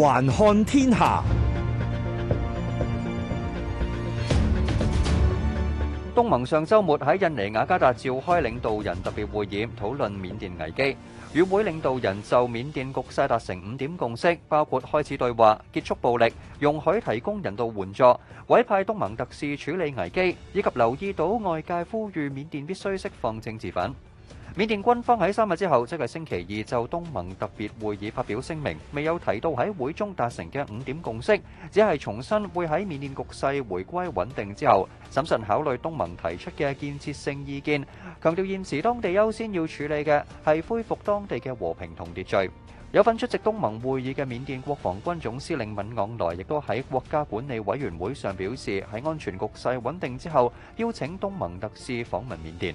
環看天下，東盟上周末喺印尼雅加達召開領導人特別會議，討論緬甸危機。與會領導人就緬甸局勢達成五點共識，包括開始對話、結束暴力、容許提供人道援助、委派東盟特使處理危機，以及留意到外界呼籲緬甸必須釋放政治犯。緬甸軍方喺三日之後，即係星期二就東盟特別會議發表聲明，未有提到喺會中達成嘅五點共識，只係重申會喺緬甸局勢回歸穩定之後，審慎考慮東盟提出嘅建設性意見，強調現時當地優先要處理嘅係恢復當地嘅和平同秩序。有份出席東盟會議嘅緬甸國防軍總司令敏昂萊，亦都喺國家管理委員會上表示，喺安全局勢穩定之後，邀請東盟特使訪問緬甸。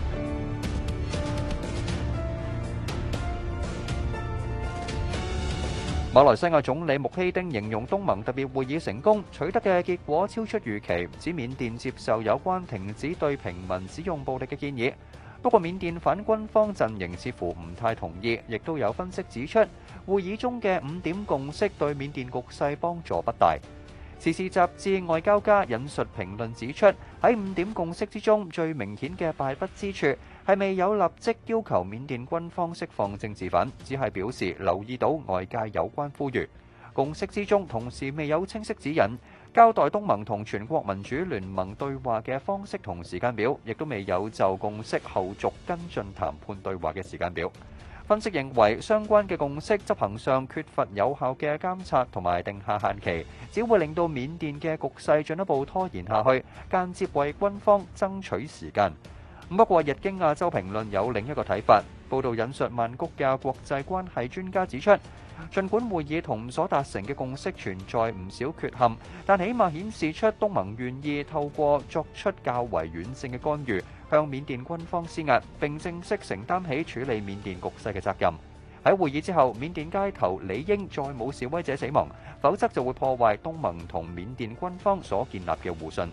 馬來西亞總理穆希丁形容東盟特別會議成功，取得嘅結果超出預期，指緬甸接受有關停止對平民使用暴力嘅建議。不過緬甸反軍方陣營似乎唔太同意，亦都有分析指出，會議中嘅五點共識對緬甸局勢幫助不大。時事雜誌外交家引述評論指出，喺五點共識之中，最明顯嘅敗筆之處係未有立即要求緬甸軍方釋放政治犯，只係表示留意到外界有關呼籲。共識之中同時未有清晰指引交代，東盟同全國民主聯盟對話嘅方式同時間表，亦都未有就共識後續跟進談判對話嘅時間表。分析認為，相關嘅共識執行上缺乏有效嘅監察同埋定下限期，只會令到緬甸嘅局勢進一步拖延下去，間接為軍方爭取時間。不過，《日經亞洲評論》有另一個睇法。報道引述曼谷嘅國際關係專家指出，儘管會議同所達成嘅共識存在唔少缺陷，但起碼顯示出東盟願意透過作出較為軟性嘅干預，向緬甸軍方施壓，並正式承擔起處理緬甸局勢嘅責任。喺會議之後，緬甸街頭理應再冇示威者死亡，否則就會破壞東盟同緬甸軍方所建立嘅互信。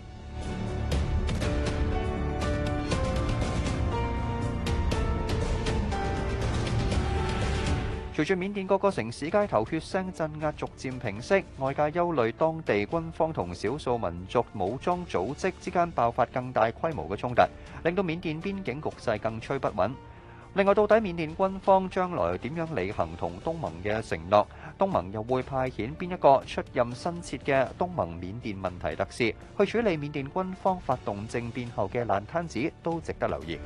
隨住緬甸各個城市街頭血腥鎮壓逐漸平息，外界憂慮當地軍方同少數民族武裝組織之間爆發更大規模嘅衝突，令到緬甸邊境局勢更趨不穩。另外，到底緬甸軍方將來點樣履行同東盟嘅承諾？東盟又會派遣邊一個出任新設嘅東盟緬甸問題特使去處理緬甸軍方發動政變後嘅爛攤子，都值得留意。